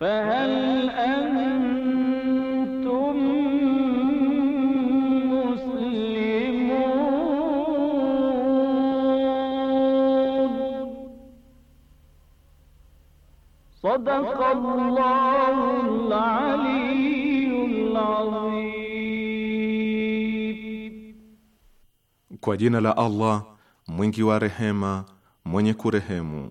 فهل أنتم مسلمون صدق الله العلي العظيم كو جينا لا الله مونكي ورحمة مونيكو رحمه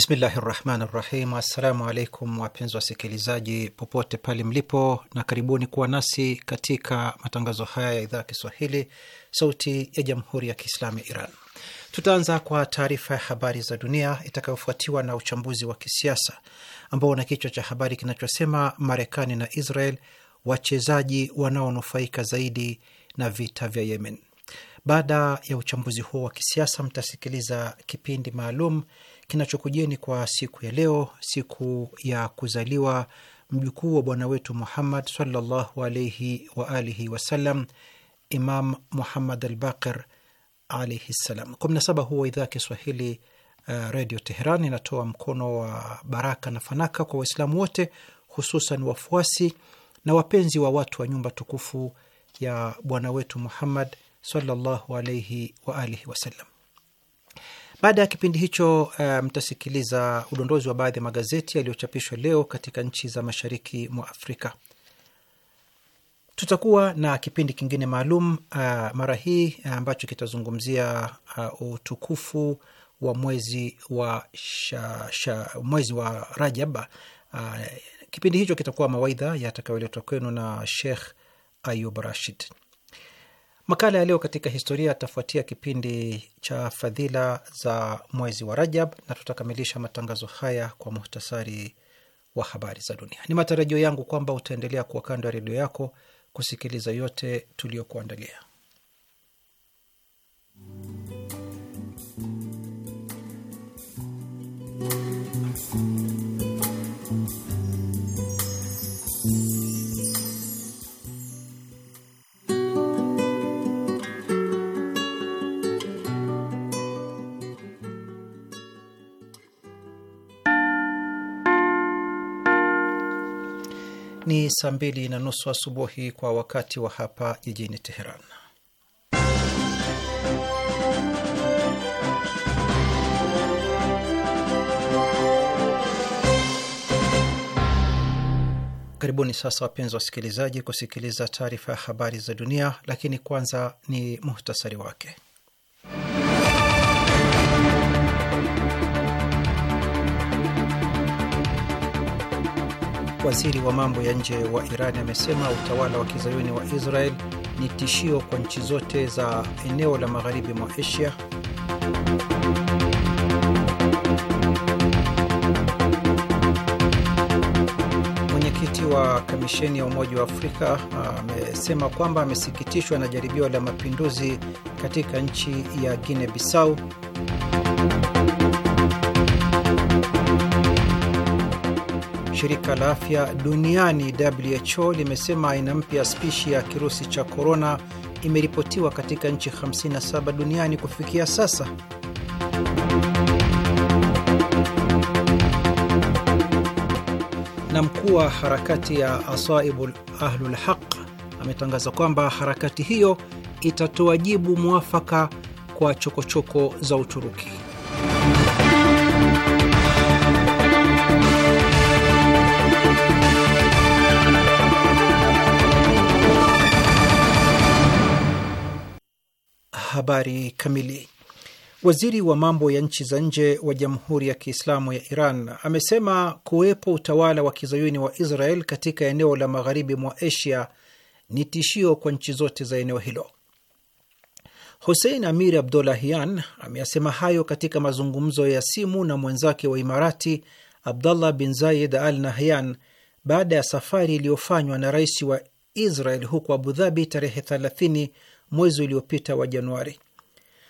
Bismillahi rahmani rahim. Assalamu alaikum wapenzi wasikilizaji popote pale mlipo, na karibuni kuwa nasi katika matangazo haya ya idhaa ya Kiswahili, Sauti ya Jamhuri ya Kiislamu ya Iran. Tutaanza kwa taarifa ya habari za dunia itakayofuatiwa na uchambuzi wa kisiasa ambao una kichwa cha habari kinachosema Marekani na Israel wachezaji wanaonufaika zaidi na vita vya Yemen. Baada ya uchambuzi huo wa kisiasa, mtasikiliza kipindi maalum kinachokujeni kwa siku ya leo, siku ya kuzaliwa mjukuu wa bwana wetu Muhammad sallallahu alaihi wa alihi wasallam, Imam Muhammad Albaqir alaihi ssalam. 17 huo idhaa ya Kiswahili uh, Redio Teheran inatoa mkono wa baraka na fanaka kwa Waislamu wote, hususan wafuasi na wapenzi wa watu wa nyumba tukufu ya bwana wetu Muhammad sallallahu alaihi wa alihi wasallam. Baada ya kipindi hicho eh, mtasikiliza um, udondozi wa baadhi ya magazeti yaliyochapishwa leo katika nchi za mashariki mwa Afrika. Tutakuwa na kipindi kingine maalum uh, mara hii eh, ambacho kitazungumzia uh, utukufu wa mwezi wa, sha, sha, mwezi wa Rajab. Uh, kipindi hicho kitakuwa mawaidha yatakayoletwa kwenu na Sheikh Ayub Rashid. Makala ya leo katika historia atafuatia kipindi cha fadhila za mwezi wa Rajab, na tutakamilisha matangazo haya kwa muhtasari wa habari za dunia. Ni matarajio yangu kwamba utaendelea kuwa kando ya redio yako kusikiliza yote tuliyokuandalia. Ni saa mbili na nusu asubuhi kwa wakati wa hapa jijini Teheran. Karibuni sasa wapenzi wasikilizaji, kusikiliza taarifa ya habari za dunia, lakini kwanza ni muhtasari wake. Waziri wa mambo ya nje wa Iran amesema utawala wa kizayuni wa Israel ni tishio kwa nchi zote za eneo la magharibi mwa Asia. Mwenyekiti wa kamisheni ya Umoja wa Afrika ah, amesema kwamba amesikitishwa na jaribio la mapinduzi katika nchi ya Guinea Bissau shirika la afya duniani WHO limesema aina mpya spishi ya kirusi cha korona imeripotiwa katika nchi 57 duniani kufikia sasa. Na mkuu wa harakati ya Asaibul Ahlul Haq ametangaza kwamba harakati hiyo itatoa jibu mwafaka kwa chokochoko choko za Uturuki. habari kamili. Waziri wa mambo ya nchi za nje wa Jamhuri ya Kiislamu ya Iran amesema kuwepo utawala wa kizayuni wa Israel katika eneo la magharibi mwa Asia ni tishio kwa nchi zote za eneo hilo. Hussein Amir Abdollahian ameyasema hayo katika mazungumzo ya simu na mwenzake wa Imarati abdullah bin Zayed Al Nahyan baada ya safari iliyofanywa na rais wa Israel huko Abu Dhabi tarehe mwezi uliopita wa Januari.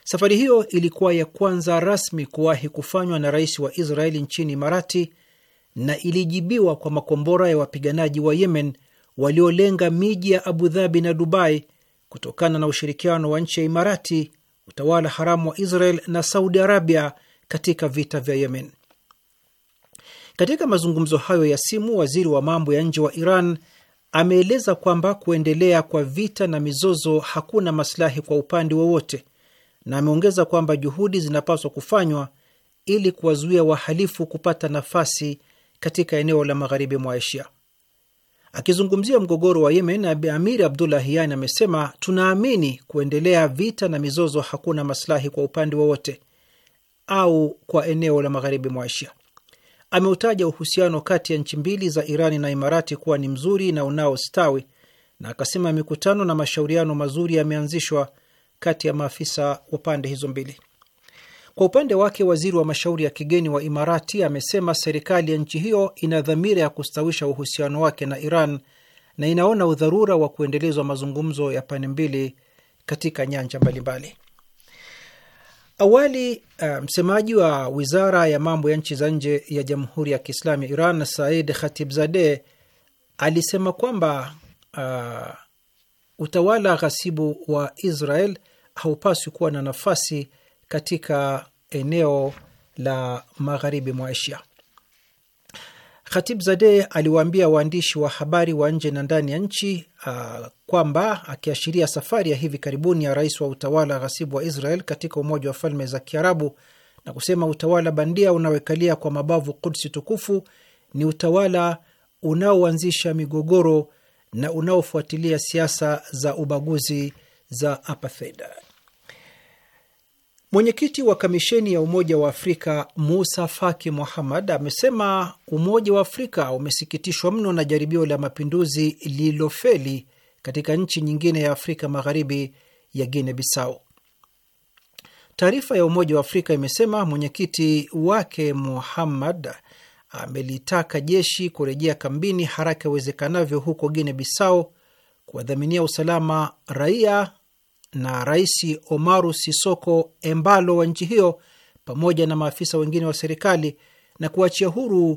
Safari hiyo ilikuwa ya kwanza rasmi kuwahi kufanywa na rais wa Israeli nchini Imarati na ilijibiwa kwa makombora ya wapiganaji wa Yemen waliolenga miji ya Abu Dhabi na Dubai kutokana na ushirikiano wa nchi ya Imarati, utawala haramu wa Israel na Saudi Arabia katika vita vya Yemen. Katika mazungumzo hayo ya simu, waziri wa mambo ya nje wa Iran ameeleza kwamba kuendelea kwa vita na mizozo hakuna masilahi kwa upande wowote, na ameongeza kwamba juhudi zinapaswa kufanywa ili kuwazuia wahalifu kupata nafasi katika eneo la magharibi mwa Asia. Akizungumzia mgogoro wa Yemen, Amir Abdullahian amesema tunaamini kuendelea vita na mizozo hakuna masilahi kwa upande wowote au kwa eneo la magharibi mwa Asia ameutaja uhusiano kati ya nchi mbili za Irani na Imarati kuwa ni mzuri na unaostawi na akasema mikutano na mashauriano mazuri yameanzishwa kati ya maafisa wa pande hizo mbili. Kwa upande wake, waziri wa mashauri ya kigeni wa Imarati amesema serikali ya nchi hiyo ina dhamira ya kustawisha uhusiano wake na Iran na inaona udharura wa kuendelezwa mazungumzo ya pande mbili katika nyanja mbalimbali. Awali eh, msemaji wa wizara ya mambo ya nchi za nje ya Jamhuri ya Kiislamu ya Iran Said Khatibzade alisema kwamba uh, utawala ghasibu wa Israel haupaswi kuwa na nafasi katika eneo la magharibi mwa Asia. Khatibzade aliwaambia waandishi wa habari wa nje na ndani ya nchi uh, kwamba akiashiria safari ya hivi karibuni ya rais wa utawala ghasibu wa Israel katika Umoja wa Falme za Kiarabu na kusema utawala bandia unaoekalia kwa mabavu Kudsi tukufu ni utawala unaoanzisha migogoro na unaofuatilia siasa za ubaguzi za apartheid. Mwenyekiti wa kamisheni ya Umoja wa Afrika Musa Faki Muhammad amesema Umoja wa Afrika umesikitishwa mno na jaribio la mapinduzi lililofeli katika nchi nyingine ya Afrika Magharibi ya Guinea Bissau. Taarifa ya Umoja wa Afrika imesema mwenyekiti wake Muhammad amelitaka jeshi kurejea kambini haraka iwezekanavyo huko Guinea Bissau kuwadhaminia usalama raia na Rais Omaru Sisoko Embalo wa nchi hiyo pamoja na maafisa wengine wa serikali na kuachia huru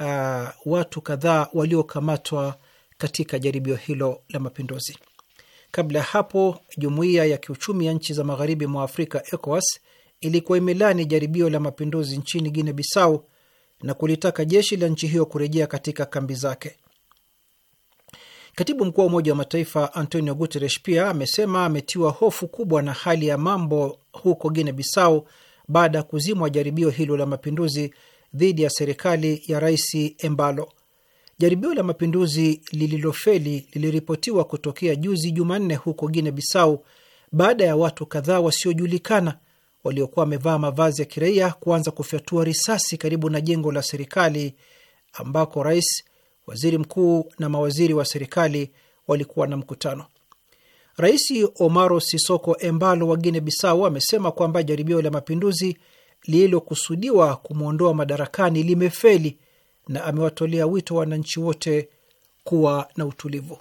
uh, watu kadhaa waliokamatwa katika jaribio hilo la mapinduzi. Kabla ya hapo, jumuiya ya kiuchumi ya nchi za magharibi mwa Afrika, ECOWAS, ilikuwa imelani jaribio la mapinduzi nchini guine Bissau na kulitaka jeshi la nchi hiyo kurejea katika kambi zake. Katibu mkuu wa Umoja wa Mataifa Antonio Guterres pia amesema ametiwa hofu kubwa na hali ya mambo huko guine Bissau baada ya kuzimwa jaribio hilo la mapinduzi dhidi ya serikali ya Rais Embalo. Jaribio la mapinduzi lililofeli liliripotiwa kutokea juzi Jumanne huko guine Bissau baada ya watu kadhaa wasiojulikana waliokuwa wamevaa mavazi ya kiraia kuanza kufyatua risasi karibu na jengo la serikali ambako rais, waziri mkuu na mawaziri wa serikali walikuwa na mkutano. Rais Omaro Sisoko Embalo wa guine Bissau amesema kwamba jaribio la mapinduzi lililokusudiwa kumwondoa madarakani limefeli na amewatolea wito wananchi wote kuwa na utulivu.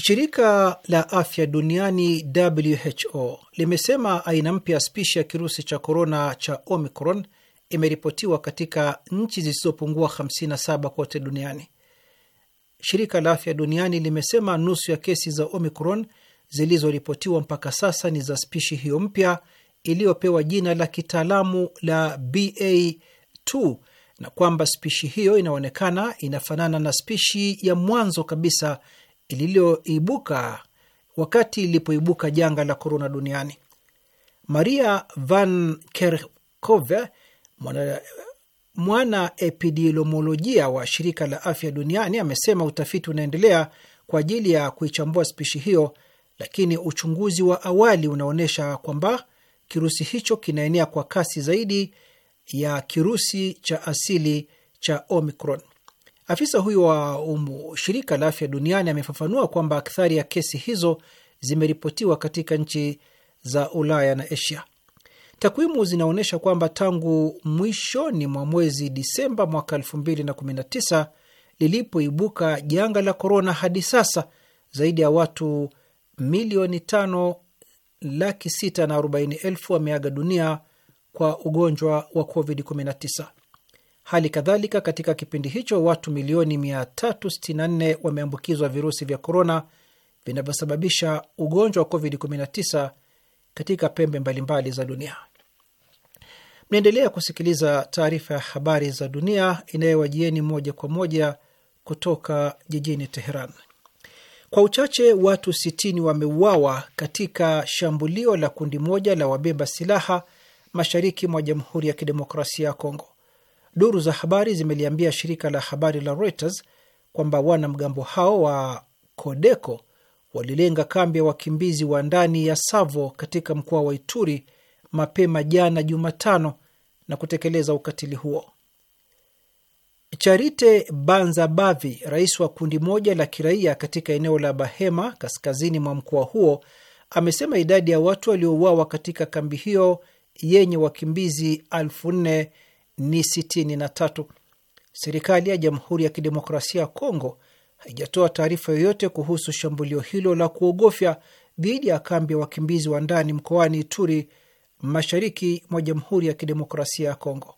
Shirika la afya duniani WHO limesema aina mpya ya spishi ya kirusi cha korona cha Omicron imeripotiwa katika nchi zisizopungua 57 kote duniani. Shirika la afya duniani limesema nusu ya kesi za Omicron zilizoripotiwa mpaka sasa ni za spishi hiyo mpya iliyopewa jina la kitaalamu la BA2 na kwamba spishi hiyo inaonekana inafanana na spishi ya mwanzo kabisa iliyoibuka wakati ilipoibuka janga la korona duniani. Maria Van Kerkhove, mwana, mwana epidemiolojia wa shirika la afya duniani, amesema utafiti unaendelea kwa ajili ya kuichambua spishi hiyo, lakini uchunguzi wa awali unaonyesha kwamba kirusi hicho kinaenea kwa kasi zaidi ya kirusi cha asili cha Omicron. Afisa huyo wa umu, shirika la afya duniani amefafanua kwamba akthari ya kesi hizo zimeripotiwa katika nchi za Ulaya na Asia. Takwimu zinaonyesha kwamba tangu mwishoni mwa mwezi Disemba mwaka 2019 lilipoibuka janga la korona hadi sasa zaidi ya watu milioni tano laki sita na arobaini elfu wameaga dunia kwa ugonjwa wa COVID-19. Hali kadhalika, katika kipindi hicho watu milioni 364 wameambukizwa virusi vya korona vinavyosababisha ugonjwa wa COVID-19 katika pembe mbalimbali za dunia. Mnaendelea kusikiliza taarifa ya habari za dunia inayowajieni moja kwa moja kutoka jijini Teheran. Kwa uchache watu 60 wameuawa katika shambulio la kundi moja la wabeba silaha mashariki mwa Jamhuri ya Kidemokrasia ya Kongo. Duru za habari zimeliambia shirika la habari la Reuters kwamba wanamgambo hao wa Kodeko walilenga kambi ya wakimbizi wa ndani ya Savo katika mkoa wa Ituri mapema jana Jumatano na kutekeleza ukatili huo. Charite Banzabavi, rais wa kundi moja la kiraia katika eneo la Bahema kaskazini mwa mkoa huo, amesema idadi ya watu waliouawa katika kambi hiyo yenye wakimbizi elfu nne ni sitini na tatu. Serikali ya Jamhuri ya Kidemokrasia ya Kongo haijatoa taarifa yoyote kuhusu shambulio hilo la kuogofya dhidi ya kambi ya wakimbizi wa ndani mkoani Ituri, mashariki mwa Jamhuri ya Kidemokrasia ya Kongo.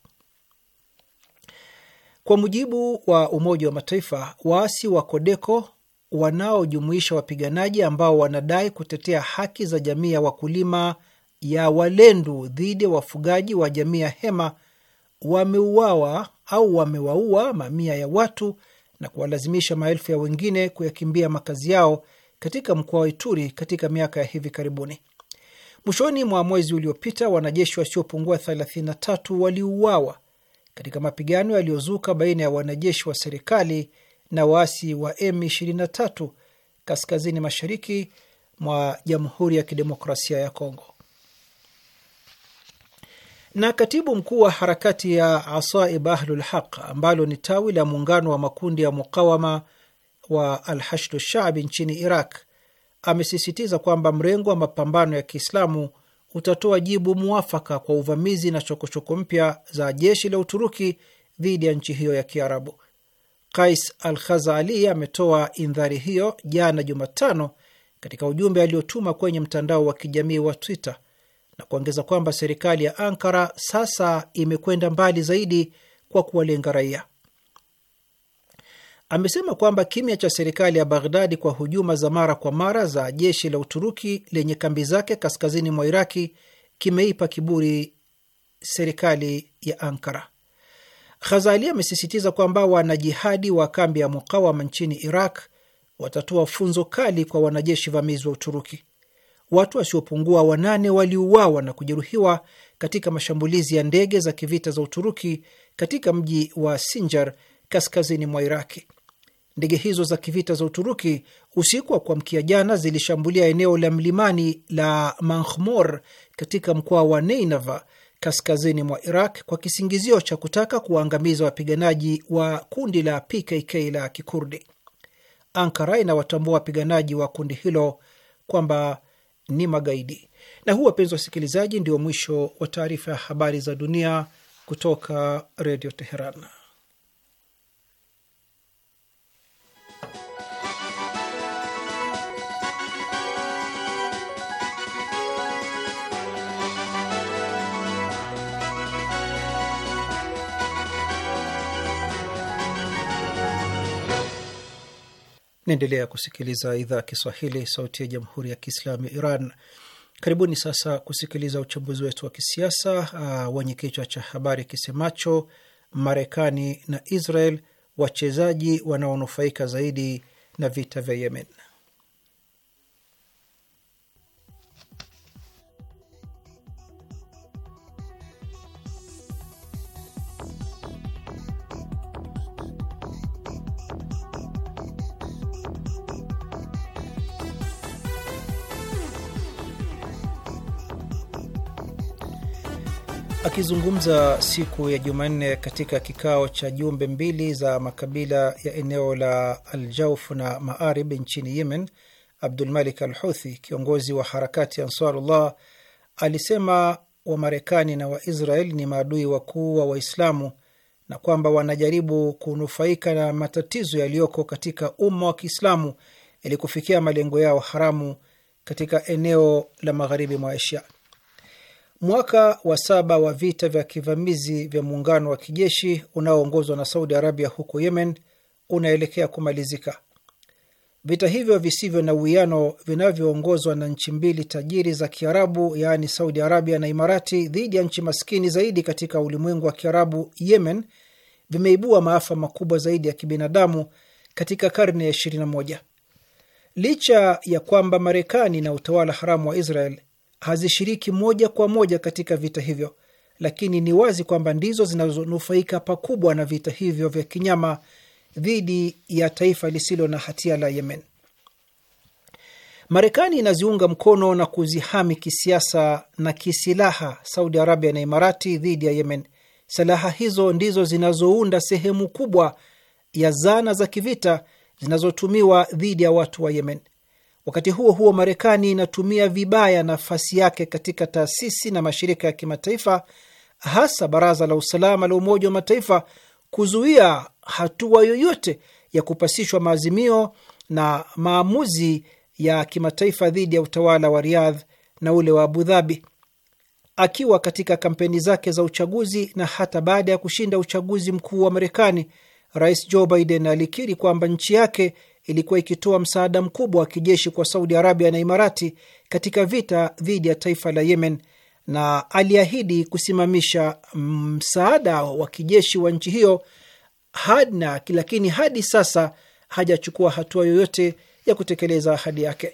Kwa mujibu wa Umoja wa Mataifa, waasi wa Kodeko wanaojumuisha wapiganaji ambao wanadai kutetea haki za jamii ya wakulima ya Walendu dhidi ya wafugaji wa jamii ya Hema wameuawa au wamewaua mamia ya watu na kuwalazimisha maelfu ya wengine kuyakimbia makazi yao katika mkoa wa Ituri katika miaka ya hivi karibuni. Mwishoni mwa mwezi uliopita, wanajeshi wasiopungua 33 waliuawa katika mapigano yaliyozuka baina ya wanajeshi wa serikali na waasi wa M23 kaskazini mashariki mwa Jamhuri ya Kidemokrasia ya Kongo. Na katibu mkuu wa harakati ya Asaib Ahlul Haq ambalo ni tawi la muungano wa makundi ya mukawama wa Alhashdu Shaabi nchini Iraq amesisitiza kwamba mrengo wa mapambano ya Kiislamu utatoa jibu mwafaka kwa uvamizi na chokochoko mpya za jeshi la Uturuki dhidi ya nchi hiyo ya Kiarabu. Kais Al Khazali ametoa indhari hiyo jana Jumatano katika ujumbe aliotuma kwenye mtandao wa kijamii wa Twitter na kuongeza kwamba serikali ya Ankara sasa imekwenda mbali zaidi kwa kuwalenga raia amesema kwamba kimya cha serikali ya Baghdadi kwa hujuma za mara kwa mara za jeshi la Uturuki lenye kambi zake kaskazini mwa Iraki kimeipa kiburi serikali ya Ankara. Ghazali amesisitiza kwamba wanajihadi wa kambi ya mukawama nchini Iraq watatoa funzo kali kwa wanajeshi vamizi wa Uturuki. Watu wasiopungua wanane waliuawa na kujeruhiwa katika mashambulizi ya ndege za kivita za Uturuki katika mji wa Sinjar kaskazini mwa Iraki. Ndege hizo za kivita za Uturuki usiku wa kuamkia jana zilishambulia eneo la mlimani la Manhmor katika mkoa wa Neinava kaskazini mwa Iraq kwa kisingizio cha kutaka kuwaangamiza wapiganaji wa kundi la PKK la Kikurdi. Ankara inawatambua wapiganaji wa kundi hilo kwamba ni magaidi. Na huu, wapenzi wa wasikilizaji, ndio mwisho wa taarifa ya habari za dunia kutoka Redio Teheran. Naendelea kusikiliza idhaa ya Kiswahili, sauti ya jamhuri ya kiislamu ya Iran. Karibuni sasa kusikiliza uchambuzi wetu wa kisiasa uh, wenye kichwa cha habari kisemacho Marekani na Israel, wachezaji wanaonufaika zaidi na vita vya Yemen. Akizungumza siku ya Jumanne katika kikao cha jumbe mbili za makabila ya eneo la Aljauf na Maarib nchini Yemen, Abdulmalik al Houthi, kiongozi wa harakati Ansarullah, alisema Wamarekani na Waisrael ni maadui wakuu wa Waislamu na kwamba wanajaribu kunufaika na matatizo yaliyoko katika umma wa Kiislamu ili kufikia malengo yao haramu katika eneo la magharibi mwa Asia. Mwaka wa saba wa vita vya kivamizi vya muungano wa kijeshi unaoongozwa na Saudi Arabia huko Yemen unaelekea kumalizika. Vita hivyo visivyo na uwiano vinavyoongozwa na nchi mbili tajiri za Kiarabu, yaani Saudi Arabia na Imarati, dhidi ya nchi maskini zaidi katika ulimwengu wa Kiarabu, Yemen, vimeibua maafa makubwa zaidi ya kibinadamu katika karne ya 21. Licha ya kwamba Marekani na utawala haramu wa Israel hazishiriki moja kwa moja katika vita hivyo, lakini ni wazi kwamba ndizo zinazonufaika pakubwa na vita hivyo vya kinyama dhidi ya taifa lisilo na hatia la Yemen. Marekani inaziunga mkono na kuzihami kisiasa na kisilaha Saudi Arabia na Imarati dhidi ya Yemen. Silaha hizo ndizo zinazounda sehemu kubwa ya zana za kivita zinazotumiwa dhidi ya watu wa Yemen. Wakati huo huo, Marekani inatumia vibaya nafasi yake katika taasisi na mashirika ya kimataifa, hasa Baraza la Usalama la Umoja wa Mataifa, kuzuia hatua yoyote ya kupasishwa maazimio na maamuzi ya kimataifa dhidi ya utawala wa Riyadh na ule wa Abu Dhabi. Akiwa katika kampeni zake za uchaguzi na hata baada ya kushinda uchaguzi mkuu wa Marekani, Rais Joe Biden alikiri kwamba nchi yake ilikuwa ikitoa msaada mkubwa wa kijeshi kwa Saudi Arabia na Imarati katika vita dhidi ya taifa la Yemen na aliahidi kusimamisha msaada wa kijeshi wa nchi hiyo hadna, lakini hadi sasa hajachukua hatua yoyote ya kutekeleza ahadi yake.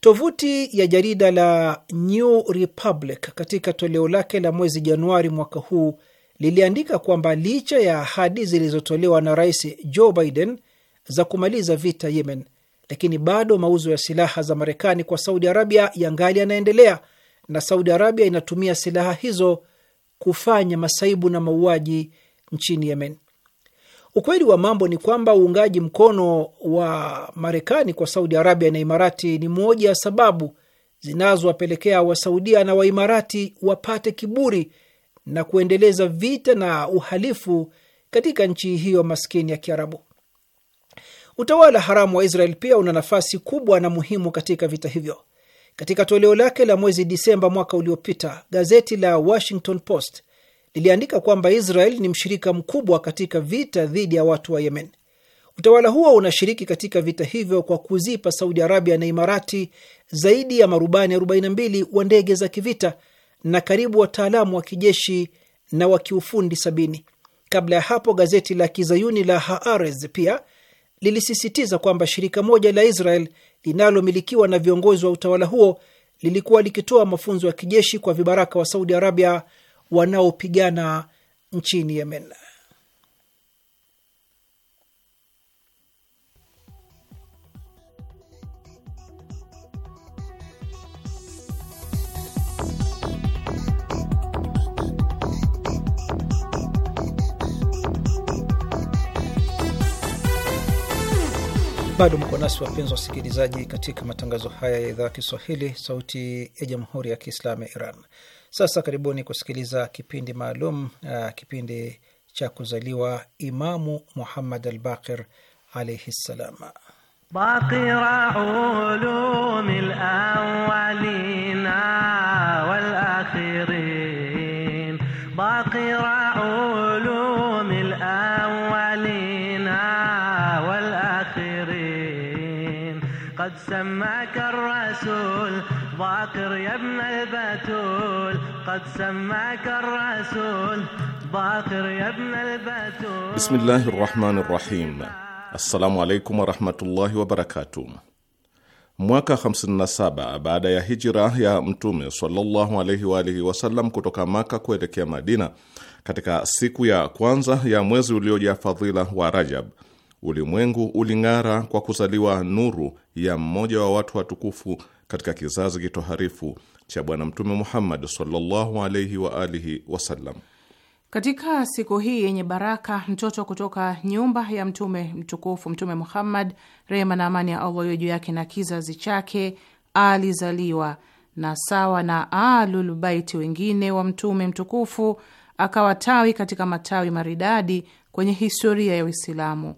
Tovuti ya jarida la New Republic katika toleo lake la mwezi Januari mwaka huu liliandika kwamba licha ya ahadi zilizotolewa na Rais Joe Biden za kumaliza vita Yemen, lakini bado mauzo ya silaha za Marekani kwa Saudi Arabia yangali yanaendelea na Saudi Arabia inatumia silaha hizo kufanya masaibu na mauaji nchini Yemen. Ukweli wa mambo ni kwamba uungaji mkono wa Marekani kwa Saudi Arabia na Imarati ni moja ya sababu zinazowapelekea Wasaudia na Waimarati wapate kiburi na kuendeleza vita na uhalifu katika nchi hiyo maskini ya Kiarabu. Utawala haramu wa Israel pia una nafasi kubwa na muhimu katika vita hivyo. Katika toleo lake la mwezi Disemba mwaka uliopita, gazeti la Washington Post liliandika kwamba Israel ni mshirika mkubwa katika vita dhidi ya watu wa Yemen. Utawala huo unashiriki katika vita hivyo kwa kuzipa Saudi Arabia na Imarati zaidi ya marubani 42 wa ndege za kivita na karibu wataalamu wa kijeshi na wa kiufundi sabini. Kabla ya hapo, gazeti la kizayuni la Haaretz pia lilisisitiza kwamba shirika moja la Israel linalomilikiwa na viongozi wa utawala huo lilikuwa likitoa mafunzo ya kijeshi kwa vibaraka wa Saudi Arabia wanaopigana nchini Yemen. Bado mko nasi wapenzi wasikilizaji, katika matangazo haya ya idhaa ya Kiswahili, Sauti ya Jamhuri ya Kiislamu ya Iran. Sasa karibuni kusikiliza kipindi maalum, uh, kipindi cha kuzaliwa Imamu Muhammad al Baqir alaihi ssalam. باقر يا ابن البتول قد سماك الرسول باقر يا ابن البتول بسم الله الرحمن الرحيم السلام عليكم alaikum الله وبركاته Mwaka 57 baada ya hijira ya Mtume sallallahu alaihi wa alihi wasallam kutoka Maka kuelekea Madina, katika siku ya kwanza ya mwezi uliojaa fadhila wa Rajab, ulimwengu uling'ara kwa kuzaliwa nuru ya mmoja wa watu watukufu katika kizazi kitoharifu cha Bwana Mtume Muhammad sallallahu alaihi wa alihi wasallam. Katika siku hii yenye baraka, mtoto kutoka nyumba ya mtume mtukufu Mtume Muhammad, rehema na amani ya Allah iwe juu yake na kizazi chake, alizaliwa na sawa na alulbaiti wengine wa mtume mtukufu akawa tawi katika matawi maridadi kwenye historia ya Uislamu.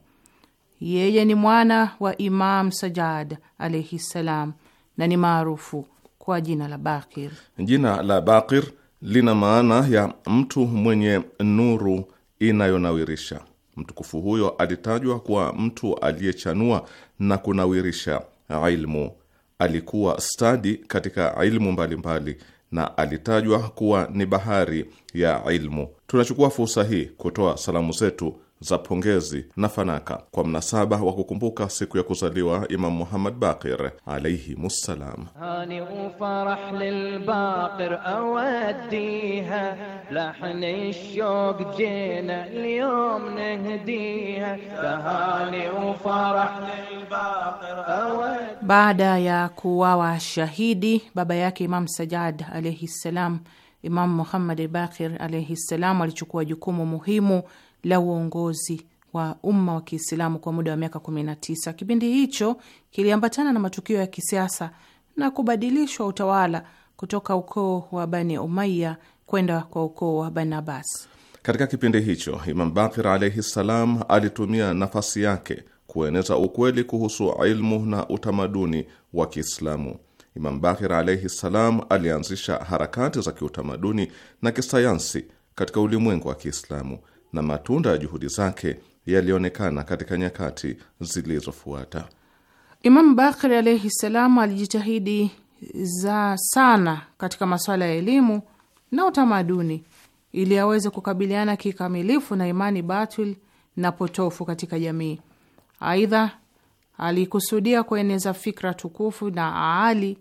Yeye ni mwana wa Imam Sajad alaihi ssalam, na ni maarufu kwa jina la Bakir. Jina la Bakir lina maana ya mtu mwenye nuru inayonawirisha. Mtukufu huyo alitajwa kuwa mtu aliyechanua na kunawirisha ilmu. Alikuwa stadi katika ilmu mbalimbali na alitajwa kuwa ni bahari ya ilmu. Tunachukua fursa hii kutoa salamu zetu za pongezi na fanaka kwa mnasaba wa kukumbuka siku ya kuzaliwa Imam Muhammad Baqir alaihi salam. Baada ya kuwawa shahidi baba yake Imam Sajad alaihi salam, Imam Muhammad Baqir alaihi salam alichukua jukumu muhimu la uongozi wa umma wa Kiislamu kwa muda wa miaka 19. Kipindi hicho kiliambatana na matukio ya kisiasa na kubadilishwa utawala kutoka ukoo wa Bani Umaya kwenda kwa ukoo wa Bani Abbas. Katika kipindi hicho Imam Bakir alaihi ssalam alitumia nafasi yake kueneza ukweli kuhusu ilmu na utamaduni wa Kiislamu. Imam Bakir alaihi ssalam alianzisha harakati za kiutamaduni na kisayansi katika ulimwengu wa Kiislamu na matunda ya juhudi zake yalionekana katika nyakati zilizofuata. Imamu Bakri alaihi salamu alijitahidi za sana katika masuala ya elimu na utamaduni ili aweze kukabiliana kikamilifu na imani batil na potofu katika jamii. Aidha, alikusudia kueneza fikra tukufu na aali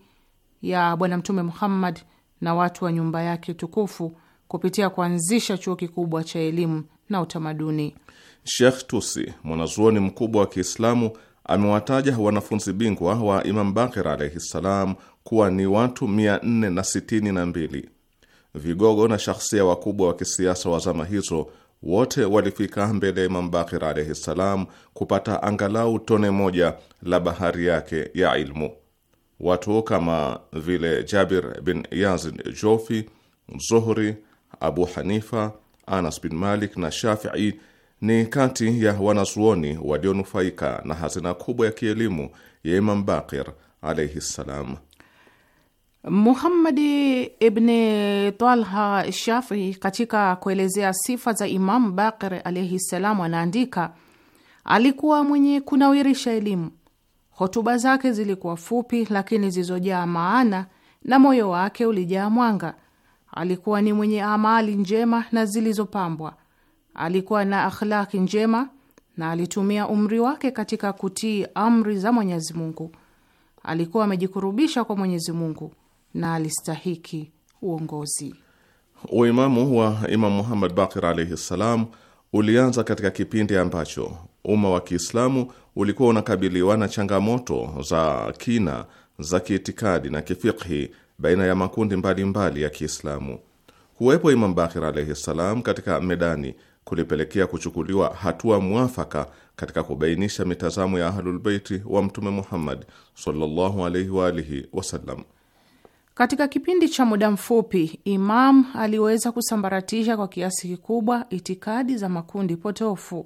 ya Bwana Mtume Muhammad na watu wa nyumba yake tukufu kupitia kuanzisha chuo kikubwa cha elimu na utamaduni. Sheikh Tusi, mwanazuoni mkubwa wa Kiislamu, amewataja wanafunzi bingwa wa Imam Bakir alaihi ssalam kuwa ni watu 462. Vigogo na shakhsia wakubwa wa kisiasa wa zama hizo wote walifika mbele ya Imam Bakir alaihi ssalam kupata angalau tone moja la bahari yake ya ilmu. Watu kama vile Jabir bin Yazid Jofi, Zuhri, Abu Hanifa, Anas bin Malik na Shafii ni kati ya wanazuoni walionufaika na hazina kubwa ya kielimu ya Imam Bakir alaihi ssalam. Muhammadi Ibni Talha Shafii katika kuelezea sifa za Imamu Bakir alaihi ssalam anaandika, alikuwa mwenye kunawirisha elimu. Hotuba zake zilikuwa fupi, lakini zilizojaa maana na moyo wake ulijaa mwanga. Alikuwa ni mwenye amali njema na zilizopambwa, alikuwa na akhlaki njema na alitumia umri wake katika kutii amri za Mwenyezi Mungu. Alikuwa amejikurubisha kwa Mwenyezi Mungu na alistahiki uongozi. Uimamu wa Imamu Muhammad Bakir alaihi ssalam ulianza katika kipindi ambacho umma wa Kiislamu ulikuwa unakabiliwa na changamoto za kina za kiitikadi na kifikhi baina ya makundi mbalimbali mbali ya Kiislamu. Kuwepo Imam Bakir alaihi ssalam katika medani kulipelekea kuchukuliwa hatua mwafaka katika kubainisha mitazamo ya Ahlulbeiti wa Mtume Muhammad sallallahu alaihi wa alihi wasallam. Katika kipindi cha muda mfupi, Imam aliweza kusambaratisha kwa kiasi kikubwa itikadi za makundi potofu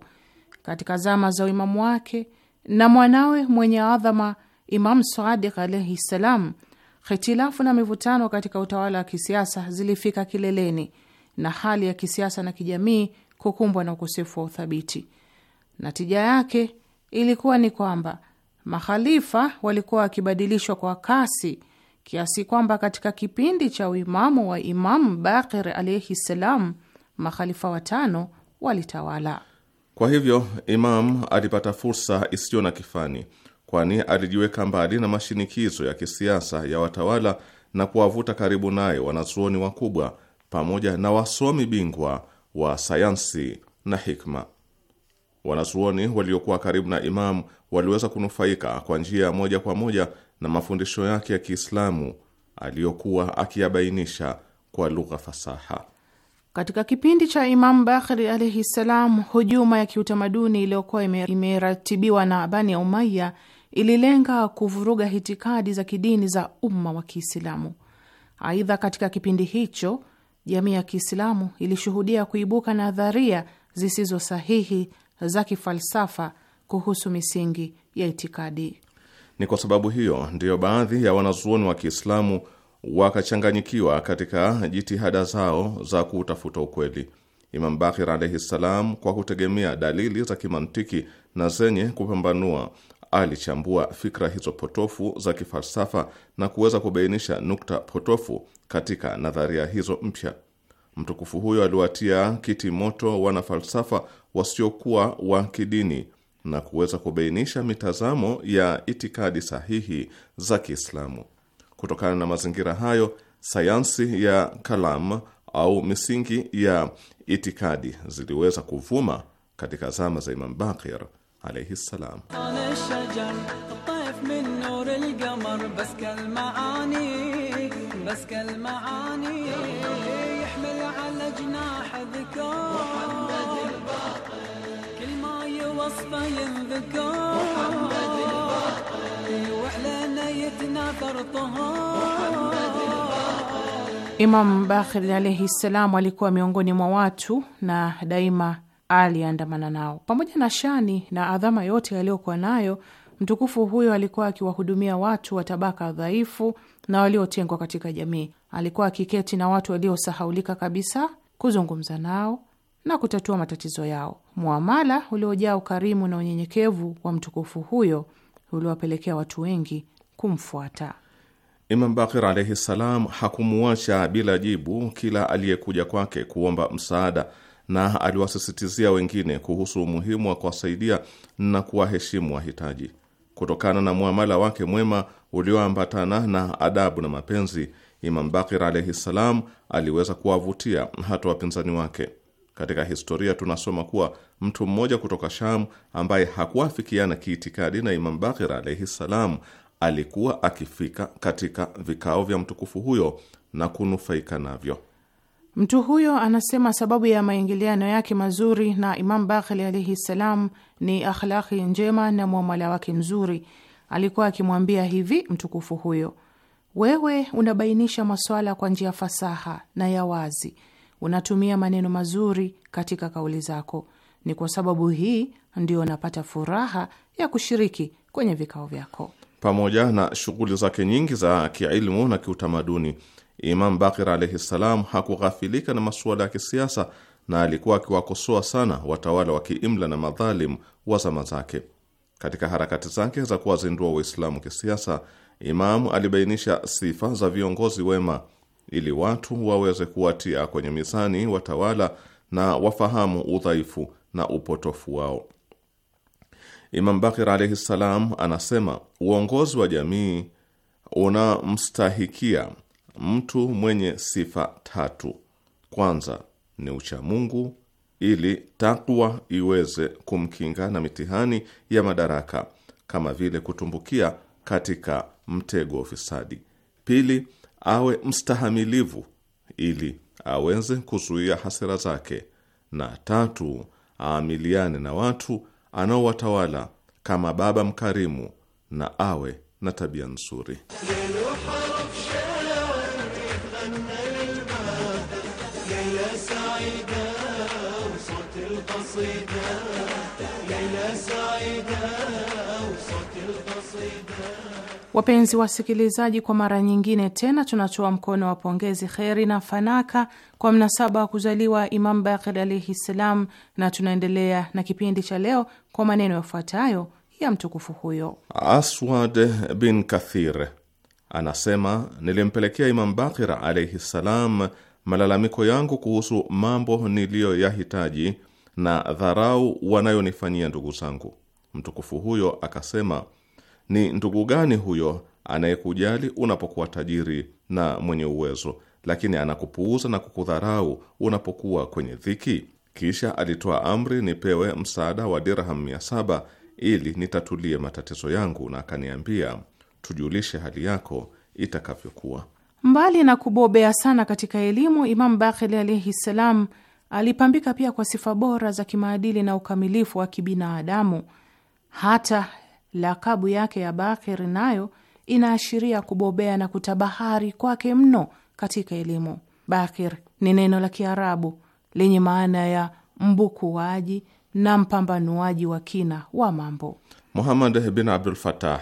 katika zama za uimamu wake, na mwanawe mwenye adhama Imam Sadik alaihi ssalam Hitilafu na mivutano katika utawala wa kisiasa zilifika kileleni na hali ya kisiasa na kijamii kukumbwa na ukosefu wa uthabiti. Natija yake ilikuwa ni kwamba mahalifa walikuwa wakibadilishwa kwa kasi kiasi kwamba katika kipindi cha uimamu wa Imamu Bakir alaihi ssalam mahalifa watano walitawala. Kwa hivyo, Imam alipata fursa isiyo na kifani kwani alijiweka mbali na mashinikizo ya kisiasa ya watawala na kuwavuta karibu naye wanazuoni wakubwa pamoja na wasomi bingwa wa sayansi na hikma. Wanazuoni waliokuwa karibu na Imamu waliweza kunufaika kwa njia moja kwa moja na mafundisho yake ya Kiislamu aliyokuwa akiyabainisha kwa lugha fasaha. Katika kipindi cha Imamu Bakri alaihi ssalam, hujuma ya kiutamaduni iliyokuwa imeratibiwa na Bani Umaya ililenga kuvuruga hitikadi za kidini za umma wa Kiislamu. Aidha, katika kipindi hicho jamii ya Kiislamu ilishuhudia kuibuka nadharia zisizo sahihi za kifalsafa kuhusu misingi ya itikadi. Ni kwa sababu hiyo ndiyo baadhi ya wanazuoni wa Kiislamu wakachanganyikiwa katika jitihada zao za kuutafuta ukweli. Imam Bakir alaihi ssalam, kwa kutegemea dalili za kimantiki na zenye kupambanua, alichambua fikra hizo potofu za kifalsafa na kuweza kubainisha nukta potofu katika nadharia hizo mpya. Mtukufu huyo aliwatia kiti moto wana falsafa wasiokuwa wa kidini na kuweza kubainisha mitazamo ya itikadi sahihi za Kiislamu. Kutokana na mazingira hayo, sayansi ya kalam au misingi ya itikadi ziliweza kuvuma katika zama za Imam Bakir عليه السلام انا الشجر طيف من نور القمر بس كالمعاني بس كالمعاني يحمل على جناح ذكر محمد الباقي كل ما يوصفه ينذكر محمد الباقي وعلينا يتناثر طهر محمد الباقي Imam Bakir alaihi ssalam alikuwa miongoni mwa watu na daima aliandamana nao. Pamoja na shani na adhama yote aliyokuwa nayo, mtukufu huyo alikuwa akiwahudumia watu wa tabaka dhaifu na waliotengwa katika jamii. Alikuwa akiketi na watu waliosahaulika kabisa, kuzungumza nao na kutatua matatizo yao. Mwamala uliojaa ukarimu na unyenyekevu wa mtukufu huyo uliwapelekea watu wengi kumfuata. Imam Bakir alaihi salam hakumuacha bila jibu kila aliyekuja kwake kuomba msaada na aliwasisitizia wengine kuhusu umuhimu wa kuwasaidia na kuwaheshimu wahitaji. Kutokana na muamala wake mwema ulioambatana na adabu na mapenzi, Imam Bakir alaihi ssalam aliweza kuwavutia hata wapinzani wake. Katika historia tunasoma kuwa mtu mmoja kutoka Sham ambaye hakuafikiana kiitikadi na Imam Bakir alaihi ssalam alikuwa akifika katika vikao vya mtukufu huyo na kunufaika navyo. Mtu huyo anasema sababu ya maingiliano yake mazuri na Imam Bakhili alaihi ssalam ni akhlaki njema na mwamala wake mzuri. Alikuwa akimwambia hivi mtukufu huyo, wewe unabainisha maswala kwa njia fasaha na ya wazi, unatumia maneno mazuri katika kauli zako. Ni kwa sababu hii ndio unapata furaha ya kushiriki kwenye vikao vyako. Pamoja na shughuli zake nyingi za kiilmu na kiutamaduni Imam Bakir alaihi ssalam hakughafilika na masuala ya kisiasa na alikuwa akiwakosoa sana watawala wa kiimla na madhalim wa zama zake. Katika harakati zake za kuwazindua Waislamu kisiasa, Imamu alibainisha sifa za viongozi wema ili watu waweze kuwatia kwenye mizani watawala na wafahamu udhaifu na upotofu wao. Imam Bakir alaihi ssalam anasema uongozi wa jamii unamstahikia mtu mwenye sifa tatu. Kwanza ni uchamungu, ili takwa iweze kumkinga na mitihani ya madaraka kama vile kutumbukia katika mtego wa ufisadi. Pili, awe mstahamilivu ili aweze kuzuia hasira zake, na tatu, aamiliane na watu anaowatawala kama baba mkarimu na awe na tabia nzuri. Wapenzi wasikilizaji, kwa mara nyingine tena tunatoa mkono wa pongezi, kheri na fanaka kwa mnasaba wa kuzaliwa Imam Bakir alaihi ssalam, na tunaendelea na kipindi cha leo kwa maneno yafuatayo ya mtukufu huyo. Aswad bin Kathir anasema nilimpelekea Imam Bakir alaihi ssalam malalamiko yangu kuhusu mambo niliyoyahitaji na dharau wanayonifanyia ndugu zangu. Mtukufu huyo akasema ni ndugu gani huyo anayekujali unapokuwa tajiri na mwenye uwezo, lakini anakupuuza na kukudharau unapokuwa kwenye dhiki? Kisha alitoa amri nipewe msaada wa dirham mia saba ili nitatulie matatizo yangu, na akaniambia, tujulishe hali yako itakavyokuwa. Mbali na kubobea sana katika elimu, Imamu Bakhili alaihi ssalam alipambika pia kwa sifa bora za kimaadili na ukamilifu wa kibinadamu. Hata Lakabu yake ya Bakir nayo inaashiria kubobea na kutabahari kwake mno katika elimu. Bakir ni neno la Kiarabu lenye maana ya mbukuaji na mpambanuaji wa kina wa mambo. Muhamad bin Abdul Fatah,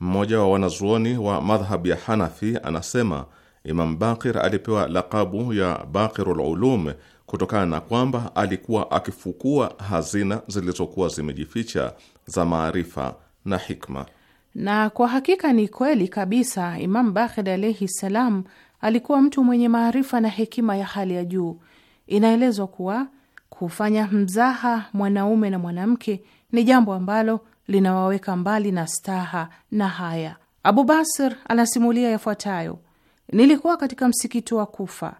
mmoja wa wanazuoni wa madhhab ya Hanafi, anasema Imam Bakir alipewa lakabu ya Bakirul Ulum kutokana na kwamba alikuwa akifukua hazina zilizokuwa zimejificha za maarifa na hikma. Na kwa hakika ni kweli kabisa, Imam Bakir alaihi ssalam alikuwa mtu mwenye maarifa na hekima ya hali ya juu. Inaelezwa kuwa kufanya mzaha mwanaume na mwanamke ni jambo ambalo linawaweka mbali na staha na haya. Abu Basir anasimulia yafuatayo: nilikuwa katika msikiti wa Kufa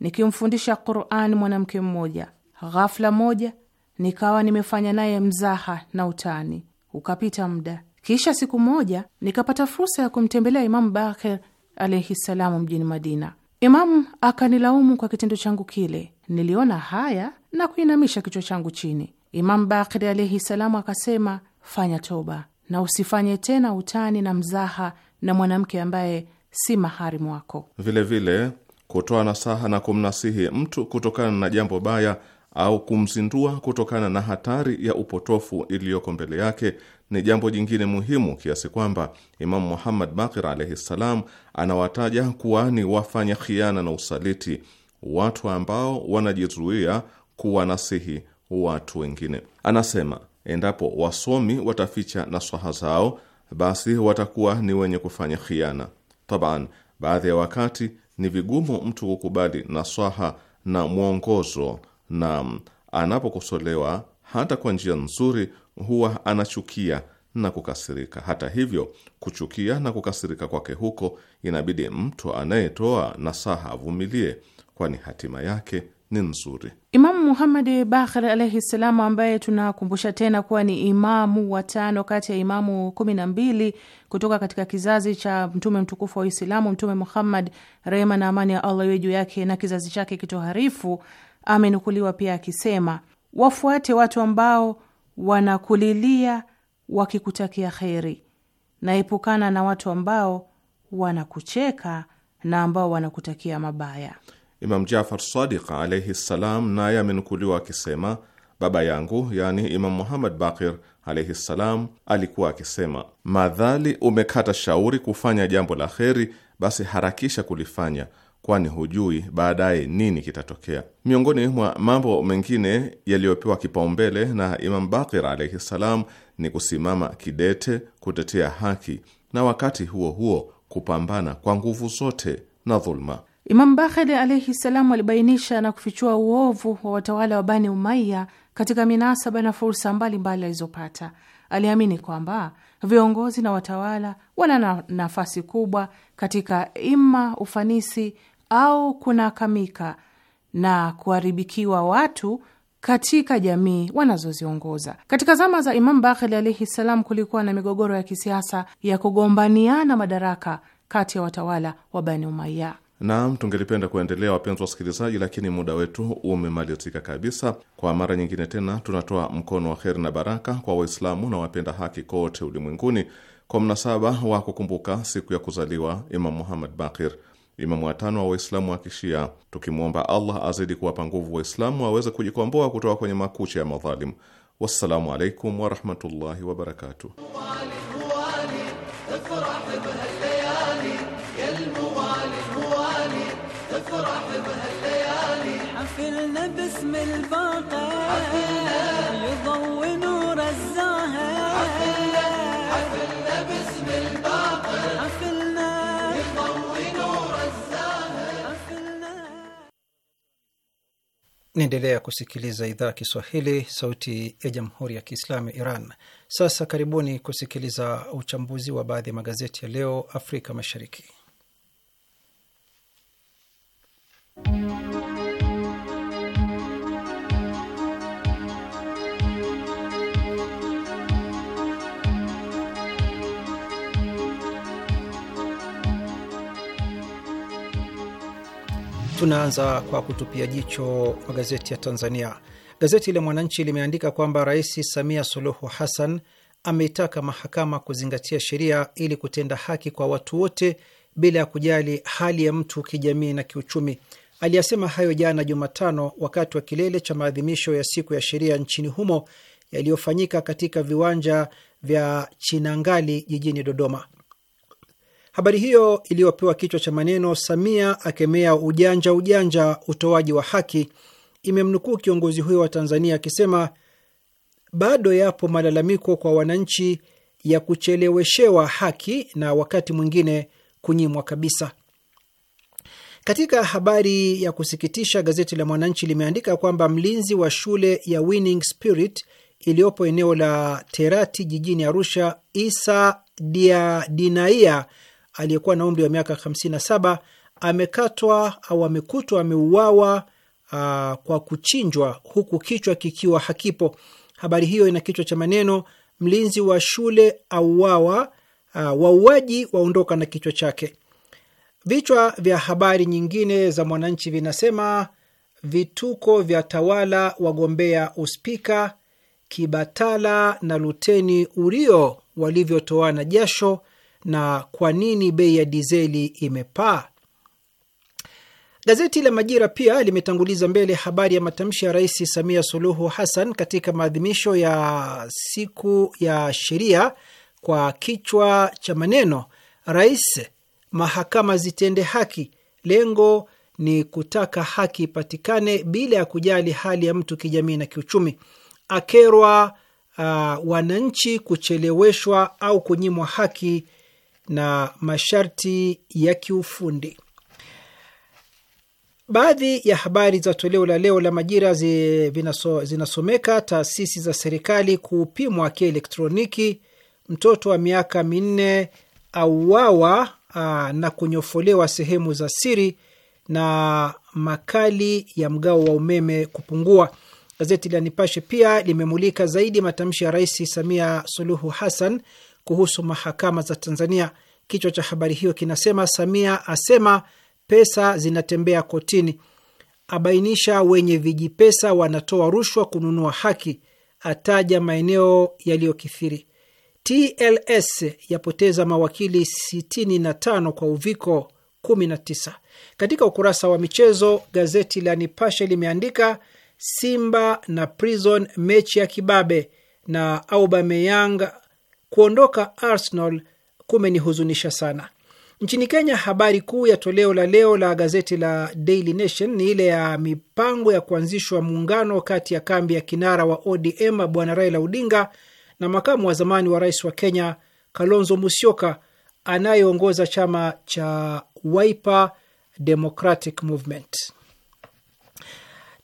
nikimfundisha Qur'an mwanamke mmoja. Ghafla moja nikawa nimefanya naye mzaha na utani. Ukapita muda, kisha siku moja nikapata fursa ya kumtembelea Imamu Bakir alaihi salamu mjini Madina. Imamu akanilaumu kwa kitendo changu kile. Niliona haya na kuinamisha kichwa changu chini. Imamu Bakir alaihi salamu akasema, fanya toba na usifanye tena utani na mzaha na mwanamke ambaye si maharimu wako. Vilevile kutoa nasaha na kumnasihi mtu kutokana na jambo baya au kumzindua kutokana na hatari ya upotofu iliyoko mbele yake ni jambo jingine muhimu kiasi kwamba Imamu Muhammad Bakir alaihi ssalam anawataja kuwa ni wafanya khiana na usaliti, watu ambao wanajizuia kuwanasihi watu wengine. Anasema endapo wasomi wataficha nasaha zao, basi watakuwa ni wenye kufanya khiana. Taban, baadhi ya wakati ni vigumu mtu kukubali nasaha na mwongozo na anapokosolewa hata kwa njia nzuri huwa anachukia na kukasirika. Hata hivyo, kuchukia na kukasirika kwake huko inabidi mtu anayetoa nasaha avumilie, kwani hatima yake ni nzuri. Imamu Muhamadi Bakir alaihi ssalamu, ambaye tunakumbusha tena kuwa ni imamu wa tano kati ya imamu kumi na mbili kutoka katika kizazi cha mtume mtukufu wa Uislamu, Mtume Muhammad, rehma na amani ya Allah iwe juu yake na kizazi chake kitoharifu, amenukuliwa pia akisema, wafuate watu ambao wanakulilia wakikutakia kheri, naepukana na watu ambao wanakucheka na ambao wanakutakia mabaya. Imam Jafar Sadiq alaihi ssalam naye amenukuliwa akisema, baba yangu yaani Imam Muhammad Bakir alaihi ssalam alikuwa akisema, madhali umekata shauri kufanya jambo la kheri, basi harakisha kulifanya kwani hujui baadaye nini kitatokea. Miongoni mwa mambo mengine yaliyopewa kipaumbele na Imam Bakir alaihi ssalam ni kusimama kidete kutetea haki na wakati huo huo kupambana kwa nguvu zote na dhuluma. Imam Bakir alaihi ssalam alibainisha na kufichua uovu wa watawala wa Bani Umaya katika minasaba na fursa mbalimbali alizopata. Aliamini kwamba viongozi na watawala wana nafasi kubwa katika ima ufanisi au kunakamika na kuharibikiwa watu katika jamii wanazoziongoza. Katika zama za Imamu Bakhil alaihi ssalam, kulikuwa na migogoro ya kisiasa ya kugombaniana madaraka kati ya watawala wa Bani Umaya. Naam, tungelipenda kuendelea wapenzi wasikilizaji, lakini muda wetu umemalizika kabisa. Kwa mara nyingine tena, tunatoa mkono wa heri na baraka kwa Waislamu na wapenda haki kote ulimwenguni kwa mnasaba wa kukumbuka siku ya kuzaliwa Imam Muhammad Bakir imamu watano wa Waislamu wa Kishia, tukimwomba Allah azidi kuwapa nguvu Waislamu waweze kujikomboa kutoka kwenye makucha ya madhalim. Wassalamu alaikum warahmatullahi wabarakatuh. Naendelea kusikiliza idhaa ya Kiswahili, sauti ya jamhuri ya kiislamu ya Iran. Sasa karibuni kusikiliza uchambuzi wa baadhi ya magazeti ya leo Afrika Mashariki. Tunaanza kwa kutupia jicho magazeti ya Tanzania. Gazeti la Mwananchi limeandika kwamba Rais Samia Suluhu Hassan ameitaka mahakama kuzingatia sheria ili kutenda haki kwa watu wote bila ya kujali hali ya mtu kijamii na kiuchumi. Aliyasema hayo jana Jumatano wakati wa kilele cha maadhimisho ya siku ya sheria nchini humo yaliyofanyika katika viwanja vya Chinangali jijini Dodoma. Habari hiyo iliyopewa kichwa cha maneno Samia akemea ujanja ujanja utoaji wa haki imemnukuu kiongozi huyo wa Tanzania akisema bado yapo malalamiko kwa wananchi ya kucheleweshewa haki na wakati mwingine kunyimwa kabisa. Katika habari ya kusikitisha, gazeti la Mwananchi limeandika kwamba mlinzi wa shule ya Winning Spirit iliyopo eneo la Terati jijini Arusha, Isa Dia Dinaia aliyekuwa na umri wa miaka 57 amekatwa au amekutwa ameuawa ah, kwa kuchinjwa huku kichwa kikiwa hakipo. Habari hiyo ina kichwa cha maneno mlinzi wa shule auawa, ah, wauaji waondoka na kichwa chake. Vichwa vya habari nyingine za Mwananchi vinasema vituko vya tawala wagombea uspika, Kibatala na Luteni Urio walivyotoana jasho na kwa nini bei ya dizeli imepaa? Gazeti la Majira pia limetanguliza mbele habari ya matamshi ya Rais Samia Suluhu Hassan katika maadhimisho ya siku ya sheria kwa kichwa cha maneno, Rais, mahakama zitende haki, lengo ni kutaka haki ipatikane bila ya kujali hali ya mtu kijamii na kiuchumi. Akerwa uh, wananchi kucheleweshwa au kunyimwa haki na masharti ya kiufundi. Baadhi ya habari za toleo la leo la Majira zinasomeka: taasisi za serikali kupimwa kielektroniki, mtoto wa miaka minne auawa na kunyofolewa sehemu za siri, na makali ya mgao wa umeme kupungua. Gazeti la Nipashe pia limemulika zaidi matamshi ya Rais Samia Suluhu Hassan kuhusu mahakama za Tanzania. Kichwa cha habari hiyo kinasema: Samia asema pesa zinatembea kotini, abainisha wenye vijipesa wanatoa rushwa kununua haki, ataja maeneo yaliyokithiri. TLS yapoteza mawakili 65 kwa uviko 19. Katika ukurasa wa michezo, gazeti la Nipashe limeandika Simba na Prison mechi ya kibabe na Aubameyang Kuondoka Arsenal kumenihuzunisha sana. Nchini Kenya, habari kuu ya toleo la leo la gazeti la Daily Nation ni ile ya mipango ya kuanzishwa muungano kati ya kambi ya kinara wa ODM Bwana Raila Odinga na makamu wa zamani wa rais wa Kenya Kalonzo Musyoka anayeongoza chama cha Wiper Democratic Movement.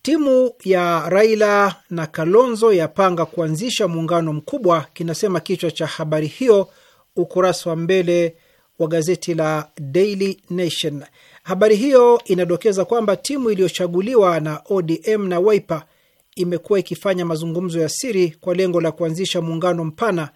Timu ya Raila na Kalonzo yapanga kuanzisha muungano mkubwa, kinasema kichwa cha habari hiyo, ukurasa wa mbele wa gazeti la Daily Nation. Habari hiyo inadokeza kwamba timu iliyochaguliwa na ODM na Wiper imekuwa ikifanya mazungumzo ya siri kwa lengo la kuanzisha muungano mpana